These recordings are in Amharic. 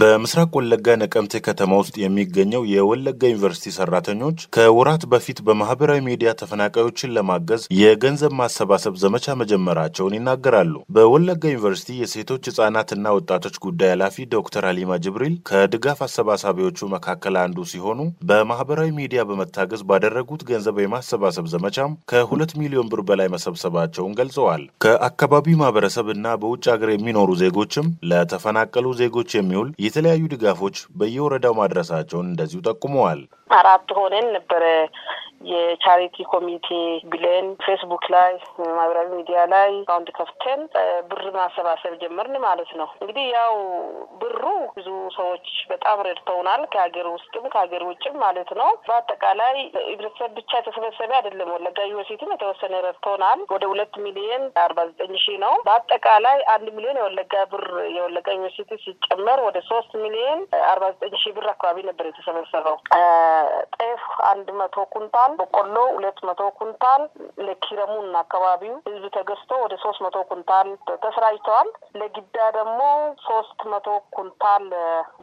በምስራቅ ወለጋ ነቀምቴ ከተማ ውስጥ የሚገኘው የወለጋ ዩኒቨርሲቲ ሰራተኞች ከወራት በፊት በማህበራዊ ሚዲያ ተፈናቃዮችን ለማገዝ የገንዘብ ማሰባሰብ ዘመቻ መጀመራቸውን ይናገራሉ። በወለጋ ዩኒቨርሲቲ የሴቶች ህጻናትና ወጣቶች ጉዳይ ኃላፊ ዶክተር አሊማ ጅብሪል ከድጋፍ አሰባሳቢዎቹ መካከል አንዱ ሲሆኑ በማህበራዊ ሚዲያ በመታገዝ ባደረጉት ገንዘብ የማሰባሰብ ዘመቻም ከሁለት ሚሊዮን ብር በላይ መሰብሰባቸውን ገልጸዋል። ከአካባቢው ማህበረሰብ እና በውጭ ሀገር የሚኖሩ ዜጎችም ለተፈናቀሉ ዜጎች የሚውል የተለያዩ ድጋፎች በየወረዳው ማድረሳቸውን እንደዚሁ ጠቁመዋል። አራት ሆነን ነበረ የቻሪቲ ኮሚቴ ብለን ፌስቡክ ላይ ማህበራዊ ሚዲያ ላይ አካውንት ከፍተን ብር ማሰባሰብ ጀመርን ማለት ነው። እንግዲህ ያው ብር ብዙ ሰዎች በጣም ረድተውናል። ከሀገር ውስጥም ከሀገር ውጭም ማለት ነው። በአጠቃላይ ህብረተሰብ ብቻ የተሰበሰበ አይደለም። ወለጋ ዩኒቨርሲቲም የተወሰነ ረድተውናል። ወደ ሁለት ሚሊዮን አርባ ዘጠኝ ሺህ ነው። በአጠቃላይ አንድ ሚሊዮን የወለጋ ብር የወለጋ ዩኒቨርሲቲ ሲጨመር ወደ ሶስት ሚሊዮን አርባ ዘጠኝ ሺህ ብር አካባቢ ነበር የተሰበሰበው። ጤፍ አንድ መቶ ኩንታል፣ በቆሎ ሁለት መቶ ኩንታል ለኪረሙና አካባቢው ህዝብ ተገዝቶ ወደ ሶስት መቶ ኩንታል ተሰራጭተዋል። ለጊዳ ደግሞ ሶስት መቶ ኩንታል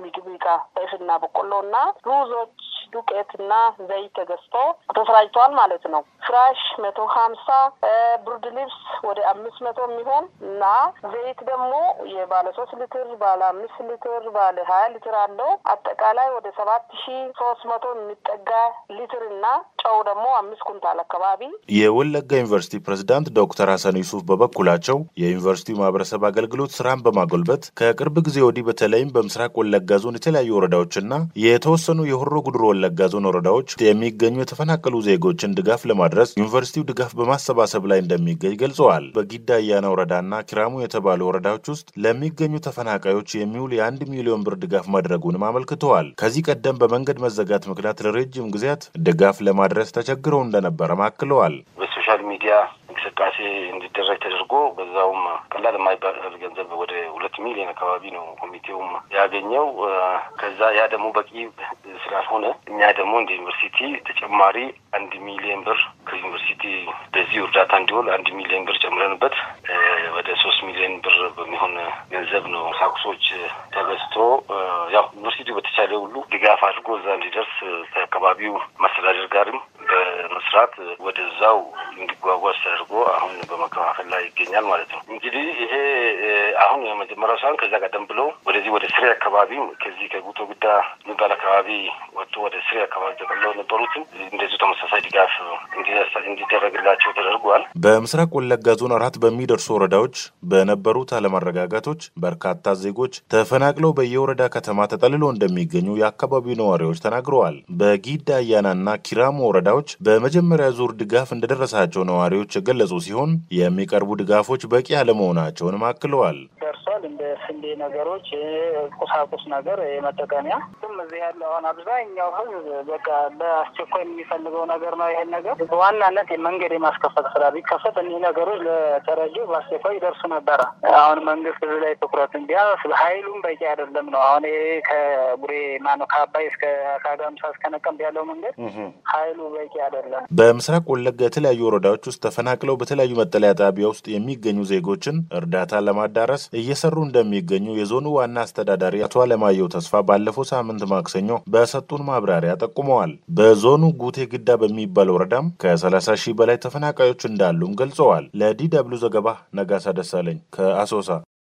ምግብ እቃ፣ እህልና በቆሎ እና ሩዞች ዱቄትና ዘይት ተገዝቶ ተሰራጭቷል ማለት ነው። ፍራሽ መቶ ሀምሳ ብሩድ ልብስ ወደ አምስት መቶ የሚሆን እና ዘይት ደግሞ የባለ ሶስት ሊትር ባለ አምስት ሊትር ባለ ሀያ ሊትር አለው። አጠቃላይ ወደ ሰባት ሺ ሶስት መቶ የሚጠጋ ሊትር እና ጨው ደግሞ አምስት ኩንታል አካባቢ። የወለጋ ዩኒቨርሲቲ ፕሬዝዳንት ዶክተር ሀሰን ዩሱፍ በበኩላቸው የዩኒቨርሲቲው ማህበረሰብ አገልግሎት ስራን በማጎልበት ከቅርብ ጊዜ ወዲህ በተለይም በምስራቅ ወለጋ ዞን የተለያዩ ወረዳዎችና የተወሰኑ የሆሮ ጉድሮ ወለጋ ዞን ወረዳዎች የሚገኙ የተፈናቀሉ ዜጎችን ድጋፍ ለማድረስ ዩኒቨርሲቲው ድጋፍ በማሰባሰብ ላይ እንደሚገኝ ገልጸዋል። በጊዳ አያና ወረዳና ኪራሙ የተባሉ ወረዳዎች ውስጥ ለሚገኙ ተፈናቃዮች የሚውል የአንድ ሚሊዮን ብር ድጋፍ ማድረጉንም አመልክተዋል። ከዚህ ቀደም በመንገድ መዘጋት ምክንያት ለረጅም ጊዜያት ድጋፍ ለማድረስ ተቸግረው እንደነበረም አክለዋል። በሶሻል ሚዲያ እንቅስቃሴ እንዲደረግ ተደርጎ በዛውም ቀላል የማይባል ገንዘብ ወደ ሁለት ሚሊዮን አካባቢ ነው ኮሚቴውም ያገኘው። ከዛ ያ ደግሞ በቂ ስላልሆነ እኛ ደግሞ እንደ ዩኒቨርሲቲ ተጨማሪ አንድ ሚሊዮን ብር ከዩኒቨርሲቲ በዚህ እርዳታ እንዲሆን አንድ ሚሊዮን ብር ጨምረንበት ወደ ሶስት ሚሊዮን ብር በሚሆን ገንዘብ ነው ቁሳቁሶች ተገዝቶ ያው ዩኒቨርሲቲው በተቻለ ሁሉ ድጋፍ አድርጎ እዛ እንዲደርስ ከአካባቢው መስተዳደር ጋርም በመስራት ወደዛው እንዲጓጓዝ ተደርጎ አሁን በመከፋፈል ላይ ይገኛል ማለት ነው። እንግዲህ ይሄ አሁን የመጀመሪያው ሳይሆን ከዛ ቀደም ብሎ ወደዚህ ወደ ስሬ አካባቢ ከዚህ ከጉቶ ግዳ የሚባል አካባቢ ወጥቶ ወደ ስሬ አካባቢ ተቀለው የነበሩትም እንደዚሁ ተመሳሳይ ድጋፍ እንዲደረግላቸው ተደርጓል። በምስራቅ ወለጋ ዞን አራት በሚደርሱ ወረዳዎች በነበሩት አለመረጋጋቶች በርካታ ዜጎች ተፈናቅለው በየወረዳ ከተማ ተጠልሎ እንደሚገኙ የአካባቢው ነዋሪዎች ተናግረዋል። በጊዳ አያና እና ኪራሞ ወረዳዎች በመጀመ የመጀመሪያ ዙር ድጋፍ እንደደረሳቸው ነዋሪዎች የገለጹ ሲሆን የሚቀርቡ ድጋፎች በቂ አለመሆናቸውንም አክለዋል። ደርሷል። እንደ ስንዴ ነገሮች፣ ቁሳቁስ ነገር፣ መጠቀሚያ እዚህ ያለው አሁን አብዛኛው ህዝብ በቃ በአስቸኳይ የሚፈልገው ነገር ነው። ይሄን ነገር በዋናነት መንገድ የማስከፈት ስራ ቢከፈት እኒህ ነገሮች ለተረጂው በአስቸኳይ ይደርሱ ነበረ። አሁን መንግስት ህዝብ ላይ ትኩረት ቢያስ ሀይሉም በቂ አይደለም ነው። አሁን ይሄ ከቡሬ ማነው ከአባይ እስከ ከአጋምሳ እስከ ነቀምት ያለው መንገድ ሀይሉ በቂ አይደለም። በምስራቅ ወለጋ የተለያዩ ወረዳዎች ውስጥ ተፈናቅለው በተለያዩ መጠለያ ጣቢያ ውስጥ የሚገኙ ዜጎችን እርዳታ ለማዳረስ እየሰሩ እንደሚገኙ የዞኑ ዋና አስተዳዳሪ አቶ አለማየሁ ተስፋ ባለፈው ሳምንት ማክሰኞ በሰጡን ማብራሪያ ጠቁመዋል። በዞኑ ጉቴ ግዳ በሚባል ወረዳም ከ30 ሺህ በላይ ተፈናቃዮች እንዳሉም ገልጸዋል። ለዲ ዘገባ ነጋሳ ደሳለኝ ከአሶሳ